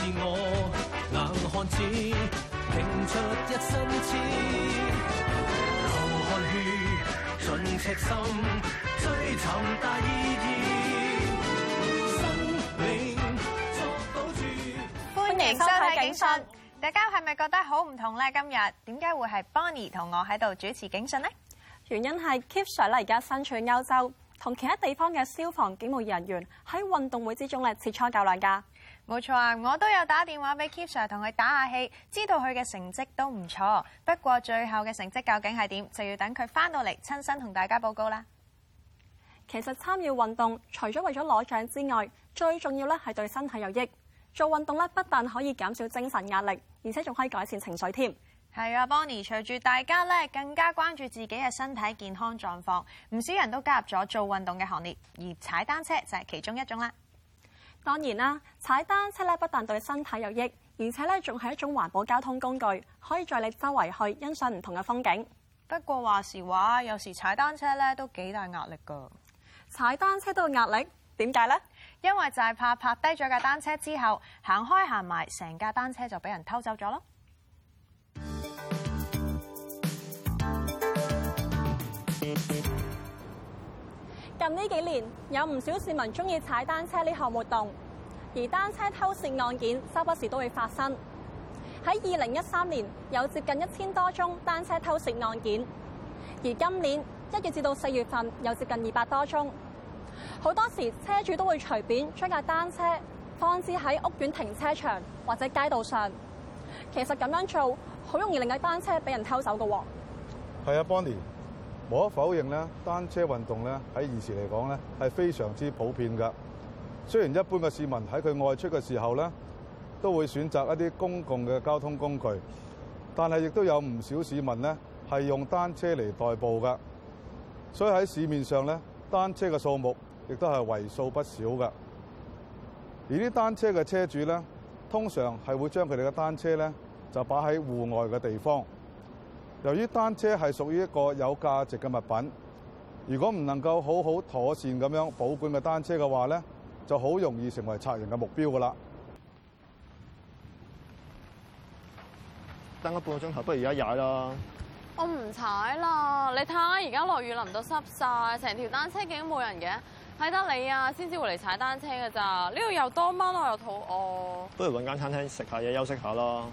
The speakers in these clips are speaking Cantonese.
歡迎收睇警訊，大家係咪覺得好唔同咧？今日點解會係 Bonnie 同我喺度主持警訊呢？原因係 Kip Sir 咧，而家身處歐洲，同其他地方嘅消防警務人員喺運動會之中咧切磋較量噶。冇錯啊，我都有打電話俾 Kip Sir 同佢打下氣，知道佢嘅成績都唔錯。不過最後嘅成績究竟係點，就要等佢翻到嚟親身同大家報告啦。其實參與運動除咗為咗攞獎之外，最重要咧係對身體有益。做運動咧不但可以減少精神壓力，而且仲可以改善情緒添。係啊，Bonnie，隨住大家咧更加關注自己嘅身體健康狀況，唔少人都加入咗做運動嘅行列，而踩單車就係其中一種啦。當然啦，踩單車咧不但對身體有益，而且咧仲係一種環保交通工具，可以在你周圍去欣賞唔同嘅風景。不過話時話，有時踩單車咧都幾大壓力㗎。踩單車都有壓力？點解呢？因為就係怕泊低咗架單車之後行開行埋，成架單車就俾人偷走咗咯。近呢幾年，有唔少市民中意踩單車呢項活動，而單車偷竊案件周不時都會發生。喺二零一三年，有接近一千多宗單車偷竊案件，而今年一月至到四月份，有接近二百多宗。好多時車主都會隨便將架單車放置喺屋苑停車場或者街道上，其實咁樣做好容易令架單車俾人偷走噶。係啊，Bonnie。無可否認咧，單車運動咧喺現時嚟講咧係非常之普遍㗎。雖然一般嘅市民喺佢外出嘅時候咧，都會選擇一啲公共嘅交通工具，但係亦都有唔少市民咧係用單車嚟代步㗎。所以喺市面上咧，單車嘅數目亦都係為數不少㗎。而啲單車嘅車主咧，通常係會將佢哋嘅單車咧就擺喺戶外嘅地方。由於單車係屬於一個有價值嘅物品，如果唔能夠好好妥善咁樣保管嘅單車嘅話咧，就好容易成為賊人嘅目標噶啦。等咗半個鐘頭，不如而家踩啦。我唔踩啦，你睇下而家落雨淋到濕晒，成條單車徑冇人嘅，睇得你啊先至會嚟踩單車㗎咋？呢度又多蚊，我又肚餓，不如揾間餐廳食下嘢休息下啦。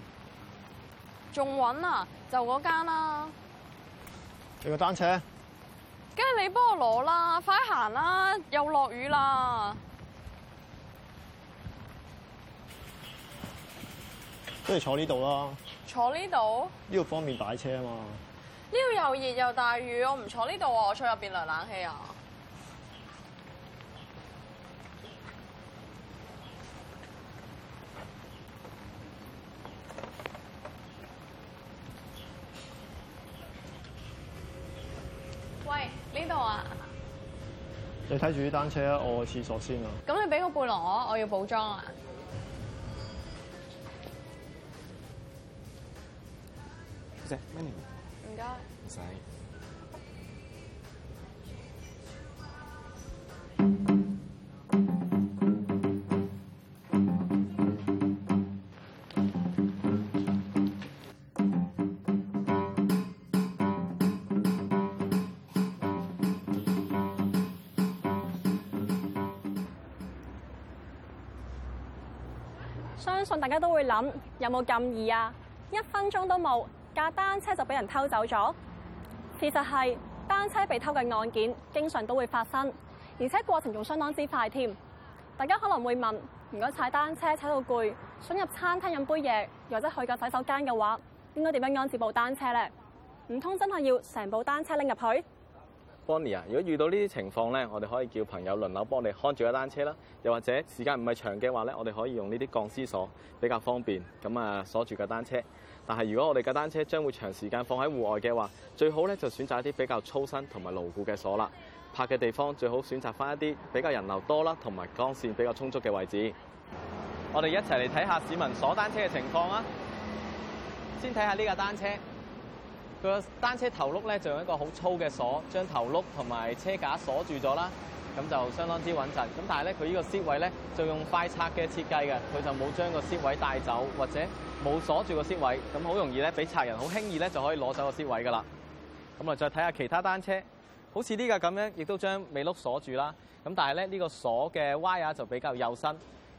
用穩啊，就嗰間啦。你個單車，梗係你幫我攞啦，快行啦，又落雨啦。不如坐呢度啦，坐呢度。呢度方便擺車啊嘛。呢度又熱又大雨，我唔坐呢度啊，我坐入邊涼冷氣啊。你睇住啲單車，我去廁所先啊！咁你畀個背囊我，我要補妝啊！好嘅，咩你？唔該謝，唔使。相信大家都會諗，有冇咁易啊？一分鐘都冇，架單車就俾人偷走咗。其實係單車被偷嘅案件，經常都會發生，而且過程仲相當之快添。大家可能會問：如果踩單車踩到攰，想入餐廳飲杯嘢，又或者去個洗手間嘅話，應該點樣安置部單車呢？唔通真係要成部單車拎入去？Bonnie，如果遇到呢啲情況咧，我哋可以叫朋友輪流幫你看住架單車啦。又或者時間唔係長嘅話咧，我哋可以用呢啲鋼絲鎖比較方便。咁啊鎖住架單車。但係如果我哋架單車將會長時間放喺戶外嘅話，最好咧就選擇一啲比較粗身同埋牢固嘅鎖啦。泊嘅地方最好選擇翻一啲比較人流多啦，同埋光線比較充足嘅位置。我哋一齊嚟睇下市民鎖單車嘅情況啊。先睇下呢架單車。佢個單車頭轆咧，就用一個好粗嘅鎖，將頭轆同埋車架鎖住咗啦。咁就相當之穩陣。咁但係咧，佢呢個銷位咧，就用快拆嘅設計嘅，佢就冇將個銷位帶走，或者冇鎖住那個銷位，咁好容易咧，俾賊人好輕易咧就可以攞走個銷位噶啦。咁啊，再睇下其他單車，好似呢個咁樣，亦都將尾轆鎖住啦。咁但係咧，呢、這個鎖嘅 wire 就比較幼身。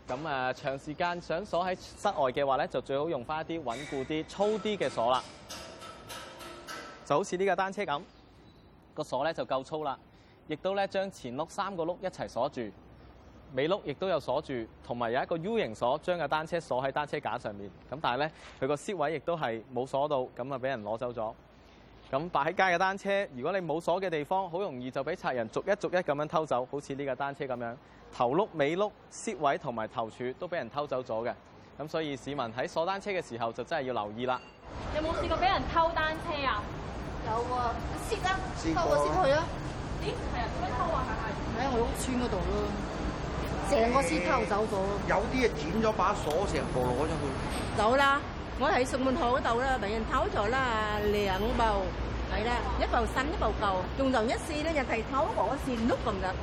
咁啊，長時間想鎖喺室外嘅話咧，就最好用翻一啲穩固啲、粗啲嘅鎖啦。就好似呢架單車咁，個鎖咧就夠粗啦，亦都咧將前碌三個碌一齊鎖住，尾碌亦都有鎖住，同埋有一個 U 型鎖將架單車鎖喺單車架上面。咁但係咧，佢個座位亦都係冇鎖到，咁啊，俾人攞走咗。咁擺喺街嘅單車，如果你冇鎖嘅地方，好容易就俾賊人逐一逐一咁樣偷走。好似呢架單車咁樣，頭碌、尾碌、座位同埋頭柱都俾人偷走咗嘅。咁所以市民喺鎖單車嘅時候就真係要留意啦。有冇試過俾人偷單車啊？有喎，蝕啦，偷我蝕佢啦。咦？係啊，點樣偷啊？係係。喺我屋村嗰度咯，成個蝕偷走咗。有啲啊，剪咗把鎖成部攞咗去。走啦，我喺順門口嗰度啦，俾人偷咗啦兩部，係啦，一部新，一部舊，仲有一試咧人哋偷嗰個線碌咁樣。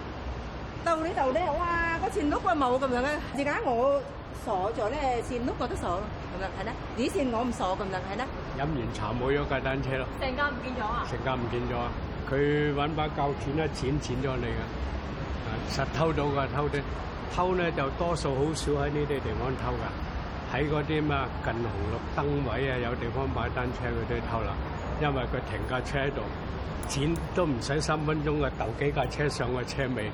到呢度呢哇，個線碌哇冇咁樣嘅。而家我鎖咗咧，線碌我都鎖，咁樣係啦。以前我唔鎖咁樣係啦。飲完茶冇咗架單車咯，成間唔見咗啊！成間唔見咗啊！佢揾把鉸剪咧，剪剪咗你嘅，實偷到嘅偷啲偷咧，就多數好少喺呢啲地方偷噶，喺嗰啲咩近紅綠燈位啊，有地方擺單車佢都偷啦，因為佢停架車喺度，剪都唔使三分鐘嘅，竇幾架車上個車尾，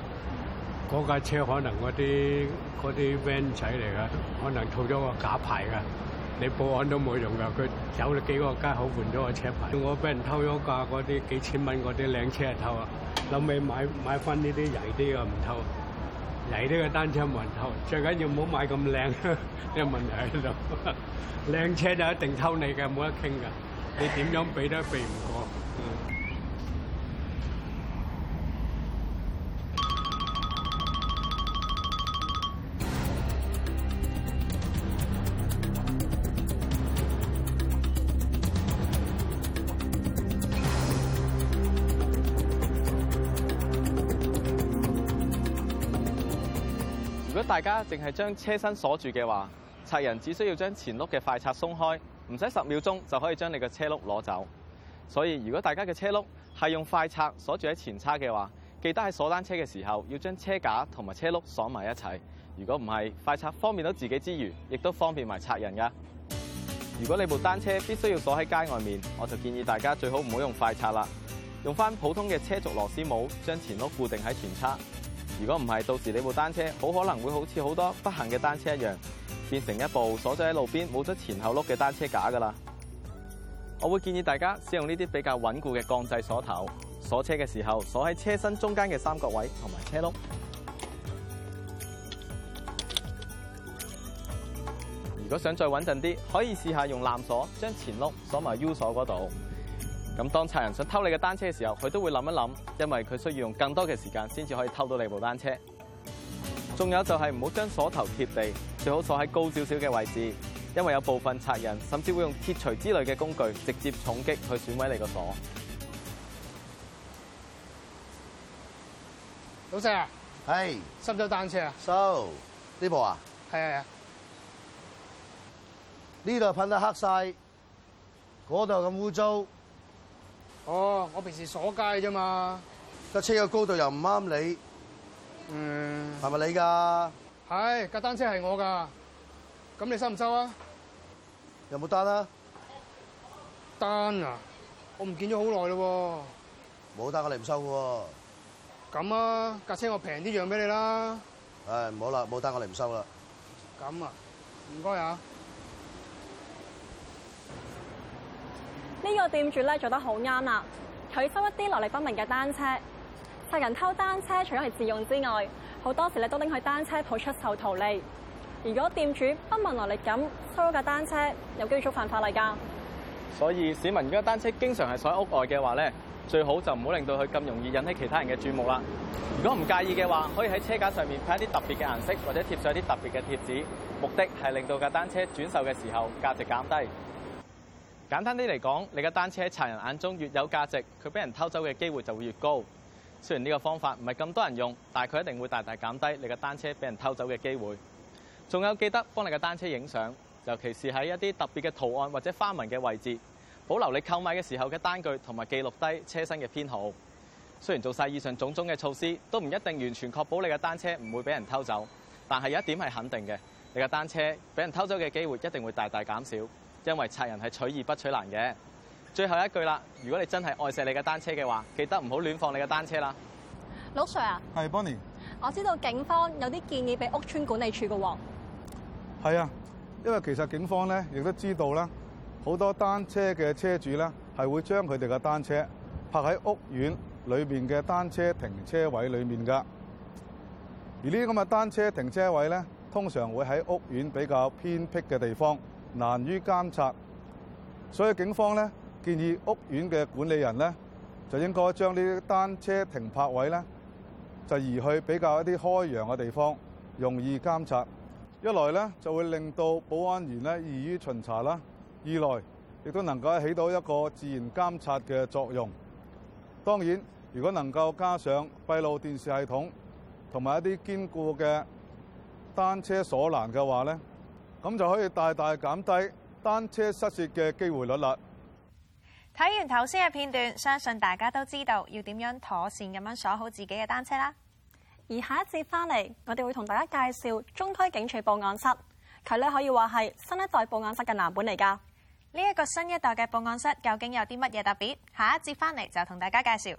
嗰架車可能嗰啲嗰啲 van 仔嚟嘅，可能套咗個假牌嘅。你報案都冇用噶，佢走咗幾個街口換咗個車牌。我俾人偷咗架啲幾千蚊啲靚車啊偷啊，諗起買買翻呢啲曳啲啊唔偷，曳啲嘅單車冇人偷，最緊要唔好買咁靚呢個問題喺度。靚車就一定偷你嘅，冇得傾噶。你點樣俾都避唔過。如果大家淨係將車身鎖住嘅話，賊人只需要將前轆嘅快拆鬆開，唔使十秒鐘就可以將你嘅車轆攞走。所以如果大家嘅車轆係用快拆鎖住喺前叉嘅話，記得喺鎖單車嘅時候要將車架同埋車轆鎖埋一齊。如果唔係，快拆方便到自己之餘，亦都方便埋賊人㗎。如果你部單車必須要鎖喺街外面，我就建議大家最好唔好用快拆啦，用返普通嘅車軸螺絲帽將前轆固定喺前叉。如果唔係，到時你部單車好可能會好似好多不幸嘅單車一樣，變成一部鎖咗喺路邊、冇咗前後轆嘅單車架噶啦。我會建議大家使用呢啲比較穩固嘅鋼製鎖頭鎖車嘅時候，鎖喺車身中間嘅三角位同埋車轆。如果想再穩陣啲，可以試下用纜鎖將前轆鎖埋 U 鎖嗰度。咁當賊人想偷你嘅單車嘅時候，佢都會諗一諗，因為佢需要用更多嘅時間先至可以偷到你部單車。仲有就係唔好將鎖頭貼地，最好鎖喺高少少嘅位置，因為有部分賊人甚至會用鐵錘之類嘅工具直接重擊去損毀你個鎖。老細啊，係收唔收單車啊？收呢部啊？係啊，係啊，呢度噴得黑晒，嗰度咁污糟。哦，oh, 我平時鎖街啫嘛，架車嘅高度又唔啱你，嗯，um，係咪你噶？係，架單車係我噶，咁你收唔收啊？有冇單啊？單啊？我唔見咗好耐咯，冇單我哋唔收喎。咁啊，架車我平啲讓俾你啦。唉，唔好啦，冇單我哋唔收啦。咁啊，唔該啊。呢個店主咧，做得好啱啦，佢收一啲來歷不明嘅單車。殺人偷單車，除咗係自用之外，好多時咧，都拎去單車舖出售圖利。如果店主不問來歷咁收咗架單車，有機會觸犯法例㗎。所以市民如果單車經常鎖喺屋外嘅話咧，最好就唔好令到佢咁容易引起其他人嘅注目啦。如果唔介意嘅話，可以喺車架上面派一啲特別嘅顏色，或者貼上一啲特別嘅貼紙，目的係令到架單車轉售嘅時候價值減低。簡單啲嚟講，你嘅單車喺賊人眼中越有價值，佢俾人偷走嘅機會就會越高。雖然呢個方法唔係咁多人用，但係佢一定會大大減低你嘅單車俾人偷走嘅機會。仲有記得幫你嘅單車影相，尤其是喺一啲特別嘅圖案或者花紋嘅位置，保留你購買嘅時候嘅單據同埋記錄低車身嘅編號。雖然做曬以上種種嘅措施，都唔一定完全確保你嘅單車唔會俾人偷走，但係有一點係肯定嘅，你嘅單車俾人偷走嘅機會一定會大大減少。因為賊人係取易不取難嘅，最後一句啦。如果你真係愛惜你嘅單車嘅話，記得唔好亂放你嘅單車啦。老 Sir，啊，係 Bonnie。我知道警方有啲建議俾屋邨管理處嘅喎、哦。係啊，因為其實警方咧亦都知道啦，好多單車嘅車主咧係會將佢哋嘅單車泊喺屋苑裏邊嘅單車停車位裡面噶。而呢啲咁嘅單車停車位咧，通常會喺屋苑比較偏僻嘅地方。難於監察，所以警方咧建議屋苑嘅管理人咧，就應該將呢啲單車停泊位咧，就移去比較一啲開揚嘅地方，容易監察。一來咧就會令到保安員咧易於巡查啦；二來亦都能夠起到一個自然監察嘅作用。當然，如果能夠加上閉路電視系統同埋一啲堅固嘅單車鎖欄嘅話咧，咁就可以大大減低單車失竊嘅機會率啦。睇完頭先嘅片段，相信大家都知道要點樣妥善咁樣鎖好自己嘅單車啦。而下一節翻嚟，我哋會同大家介紹中區警署報案室，佢咧可以話係新一代報案室嘅藍本嚟㗎。呢一個新一代嘅報案室究竟有啲乜嘢特別？下一節翻嚟就同大家介紹。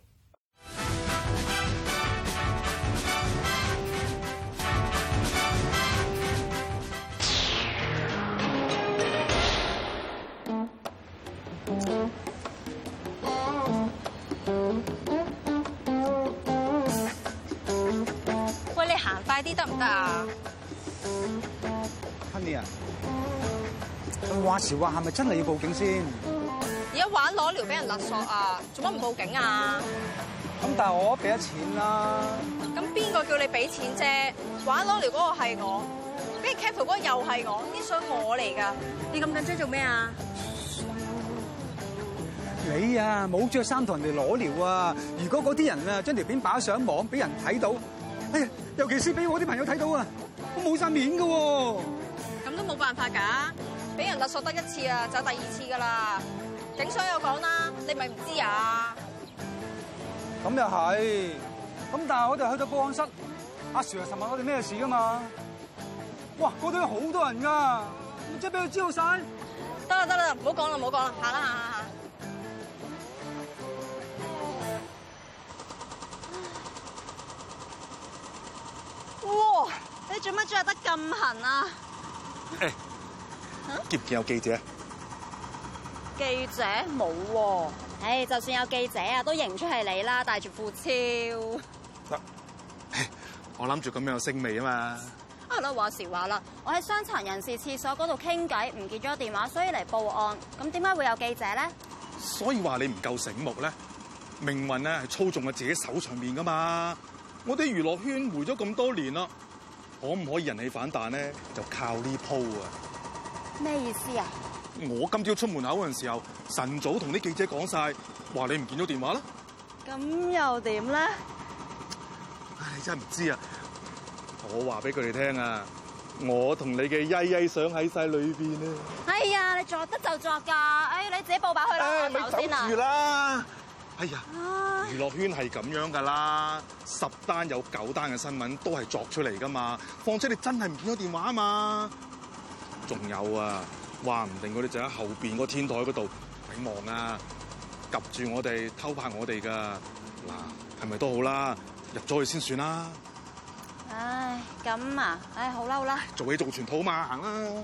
快啲得唔得啊，Honey 啊？話時話係咪真係要報警先？而家玩裸聊俾人勒索啊，做乜唔報警啊？咁但係我都俾咗錢啦。咁邊個叫你俾錢啫？玩裸聊嗰個係我，跟住 Capo 嗰個又係我，啲相我嚟噶。你咁緊張做咩啊？你啊，冇着衫同人哋裸聊啊！如果嗰啲人啊將條片擺上網，俾人睇到，哎呀！尤其是俾我啲朋友睇到都啊，我冇晒面噶，咁都冇辦法噶，俾人勒索得一次啊，就第二次噶啦。警署又講啦，你咪唔知呀、啊？咁又係，咁但係我哋去到報案室，阿 Sir 就問我哋咩事噶、啊、嘛？哇，嗰度有好多人噶，即係俾佢知道晒。得啦得啦，唔好講啦唔好講啦，下啦下。你做乜着得咁痕啊？誒、欸，見唔見有記者？啊、記者冇喎、啊欸。就算有記者啊，都認唔出係你啦，戴住副超。得、欸，我諗住咁樣有星味啊嘛。啊啦，話時話啦，我喺傷殘人士廁所嗰度傾偈，唔見咗電話，所以嚟報案。咁點解會有記者咧？所以話你唔夠醒目咧。命運咧係操縱喺自己手上面噶嘛。我哋娛樂圈混咗咁多年啦。可唔可以人氣反彈咧？就靠呢鋪啊！咩意思啊？我今朝出門口嗰陣時候，晨早同啲記者講晒，話你唔見到電話啦。咁又點咧？唉，真係唔知啊！我話俾佢哋聽啊！我同你嘅依依想喺晒裏邊啊。哎呀，你作得就作噶，哎，你自己報白去啦，守住啦。哎呀，娛樂圈係咁樣噶啦，十單有九單嘅新聞都係作出嚟噶嘛。況且你真係唔見咗電話啊嘛，仲有啊，話唔定佢哋就喺後邊個天台嗰度睇望啊，及住我哋偷拍我哋噶。嗱，係咪都好啦，入咗去先算啦。唉，咁啊，唉，好啦，好啦，做嘢做全套嘛，行啦。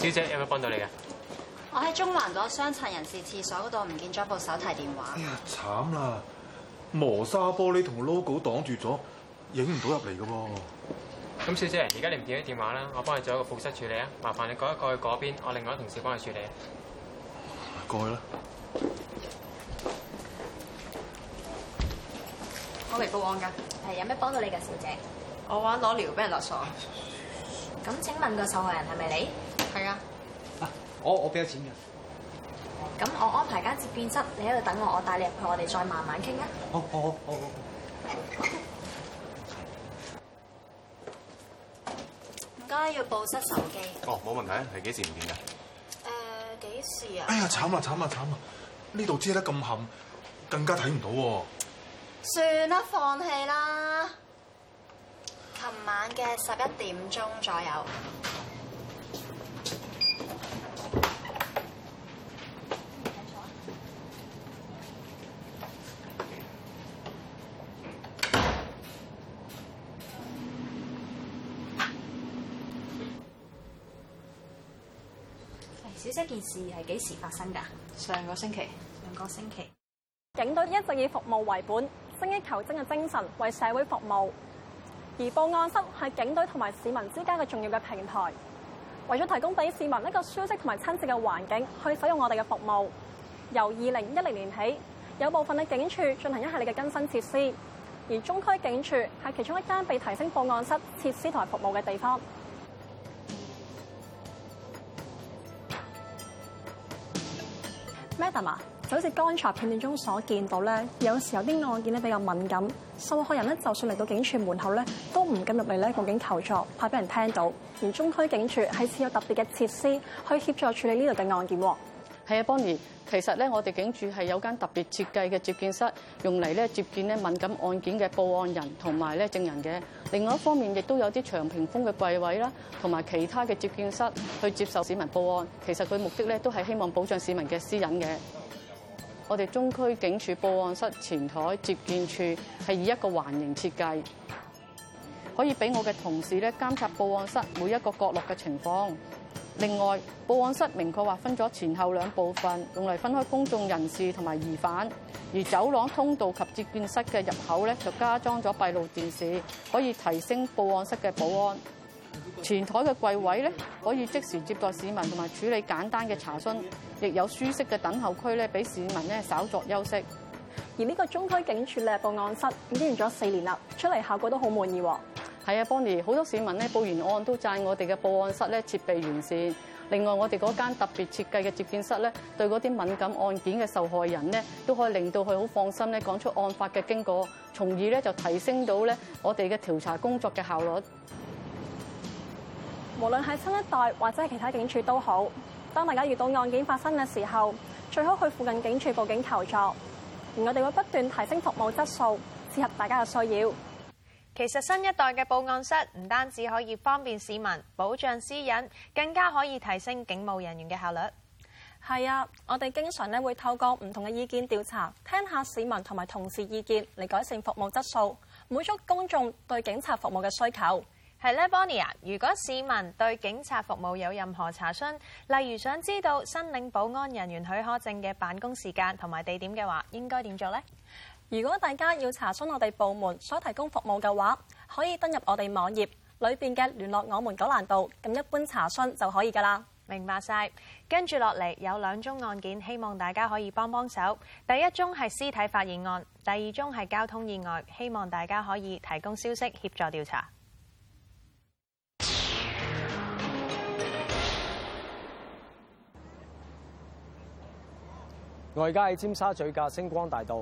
小姐，有咩幫到你嘅？我喺中環嗰傷殘人士廁所嗰度唔見咗部手提電話。哎呀，慘啦！磨砂玻璃同 logo 擋住咗，影唔到入嚟嘅噃。咁，小姐，而家你唔見咗電話啦，我幫你做一個復失處理啊！麻煩你改一過去嗰邊，我另外一同事幫你處理。過去啦。我嚟報案㗎，係有咩幫到你㗎，小姐？我玩裸聊俾人落索。咁請問個受害人係咪你？係啊，嗱，我我俾咗錢嘅。咁我安排間接見室，你喺度等我，我帶你入去，我哋再慢慢傾啊。好好好好好，唔該，要報失手機。哦，冇問題啊，係幾時唔見噶？誒、呃，幾時啊？哎呀，慘啊慘啊慘啊！呢度遮得咁冚，更加睇唔到。算啦，放棄啦。琴晚嘅十一點鐘左右。呢件事係幾時發生噶上個星期、兩個星期。警隊一直以服務為本、精益求精嘅精神為社會服務。而報案室係警隊同埋市民之間嘅重要嘅平台，為咗提供俾市民一個舒適同埋親切嘅環境去使用我哋嘅服務。由二零一零年起，有部分嘅警署進行一系列嘅更新設施，而中區警署係其中一間被提升報案室設施同埋服務嘅地方。咩事嘛？Madam，就好似剛才片段中所見到咧，有時候啲案件咧，比較敏感，受害人咧就算嚟到警署門口咧，都唔敢入嚟咧，報警求助，怕俾人聽到。而中區警署係設有特別嘅設施，去協助處理呢度嘅案件。係啊，Bonnie，其實咧，我哋警署係有間特別設計嘅接見室，用嚟咧接見咧敏感案件嘅報案人同埋咧證人嘅。另外一方面，亦都有啲長屏風嘅櫃位啦，同埋其他嘅接見室去接受市民報案。其實佢目的咧都係希望保障市民嘅私隱嘅。我哋中區警署報案室前台接見處係以一個環形設計，可以俾我嘅同事咧監察報案室每一個角落嘅情況。另外，報案室明確劃分咗前後兩部分，用嚟分開公眾人士同埋疑犯。而走廊、通道及接見室嘅入口咧，就加裝咗閉路電視，可以提升報案室嘅保安。前台嘅櫃位咧，可以即時接待市民同埋處理簡單嘅查詢，亦有舒適嘅等候區咧，俾市民咧稍作休息。而呢個中區警署嘅報案室已經用咗四年啦，出嚟效果都好滿意。係啊 Bonnie, 好多市民咧報完案都讚我哋嘅報案室咧設備完善。另外，我哋嗰間特別設計嘅接見室咧，對嗰啲敏感案件嘅受害人咧，都可以令到佢好放心咧講出案發嘅經過，從而咧就提升到咧我哋嘅調查工作嘅效率。無論係新一代或者係其他警署都好，當大家遇到案件發生嘅時候，最好去附近警署報警求助。而我哋會不斷提升服務質素，適合大家嘅需要。其實新一代嘅報案室唔單止可以方便市民保障私隱，更加可以提升警務人員嘅效率。係啊，我哋經常咧會透過唔同嘅意見調查，聽下市民同埋同事意見嚟改善服務質素，滿足公眾對警察服務嘅需求。係咧，Bonnie 啊，如果市民對警察服務有任何查詢，例如想知道申領保安人員許可證嘅辦公時間同埋地點嘅話，應該點做呢？如果大家要查詢我哋部門所提供服務嘅話，可以登入我哋網頁裏面嘅聯絡我們嘅欄度，咁一般查詢就可以㗎喇。明白晒？跟住落嚟有兩宗案件，希望大家可以幫幫手。第一宗係屍體發現案，第二宗係交通意外，希望大家可以提供消息協助調查。我而家喺尖沙咀嘅星光大道。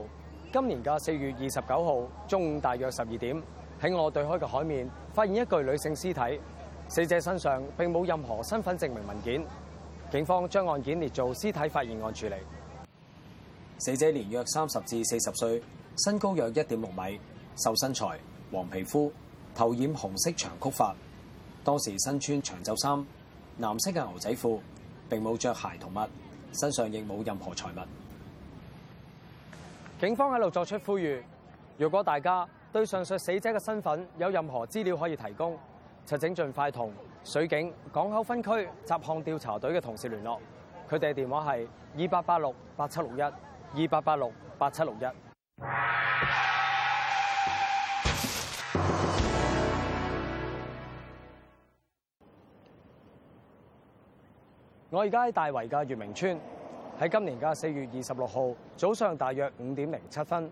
今年嘅四月二十九號中午大約十二點，喺我對開嘅海面，發現一具女性屍體，死者身上並冇任何身份證明文件，警方將案件列做屍體發現案處理。死者年約三十至四十歲，身高約一點六米，瘦身材，黃皮膚，頭染紅色長曲髮，當時身穿長袖衫、藍色嘅牛仔褲，並冇着鞋同襪，身上亦冇任何財物。警方喺度作出呼籲，如果大家對上述死者嘅身份有任何資料可以提供，就請盡快同水警港口分區雜項調查隊嘅同事聯絡，佢哋嘅電話係二八八六八七六一，二八八六八七六一。我而家喺大圍嘅月明村。喺今年嘅四月二十六號早上，大約五點零七分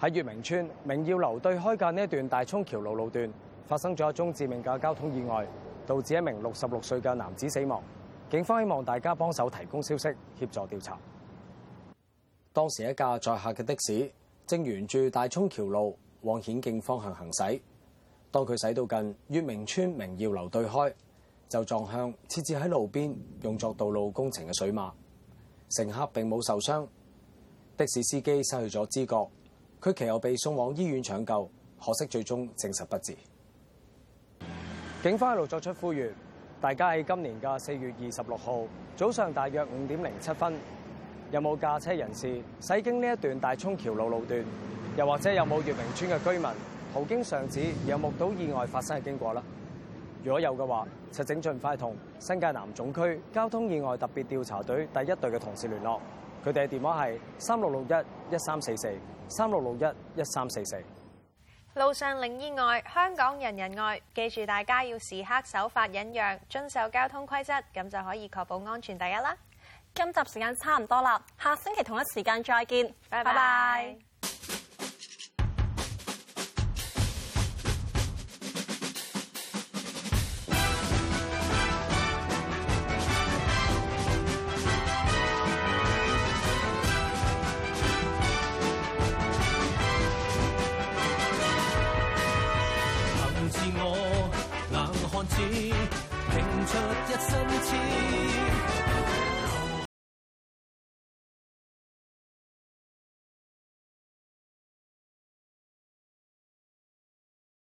在，喺乙明邨明耀樓對開嘅呢一段大涌橋路路段發生咗一宗致命嘅交通意外，導致一名六十六歲嘅男子死亡。警方希望大家幫手提供消息，協助調查。當時一架載客嘅的士正沿住大涌橋路往顯徑方向行駛，當佢駛到近乙明邨明耀樓對開，就撞向設置喺路邊用作道路工程嘅水馬。乘客並冇受傷，的士司機失去咗知覺，佢其後被送往醫院搶救，可惜最終證實不治。警方一路作出呼籲，大家喺今年嘅四月二十六號早上，大約五點零七分，有冇駕車人士駛經呢一段大涌橋路路段，又或者有冇月明村嘅居民途經上址，有目睹意外發生嘅經過啦？如果有嘅話，就請盡快同新界南總區交通意外特別調查隊第一隊嘅同事聯絡。佢哋嘅電話係三六六一一三四四三六六一一三四四。44，路上零意外，香港人人愛。記住，大家要時刻守法忍讓，遵守交通規則，咁就可以確保安全第一啦。今集時間差唔多啦，下星期同一時間再見，拜拜 bye。Bye bye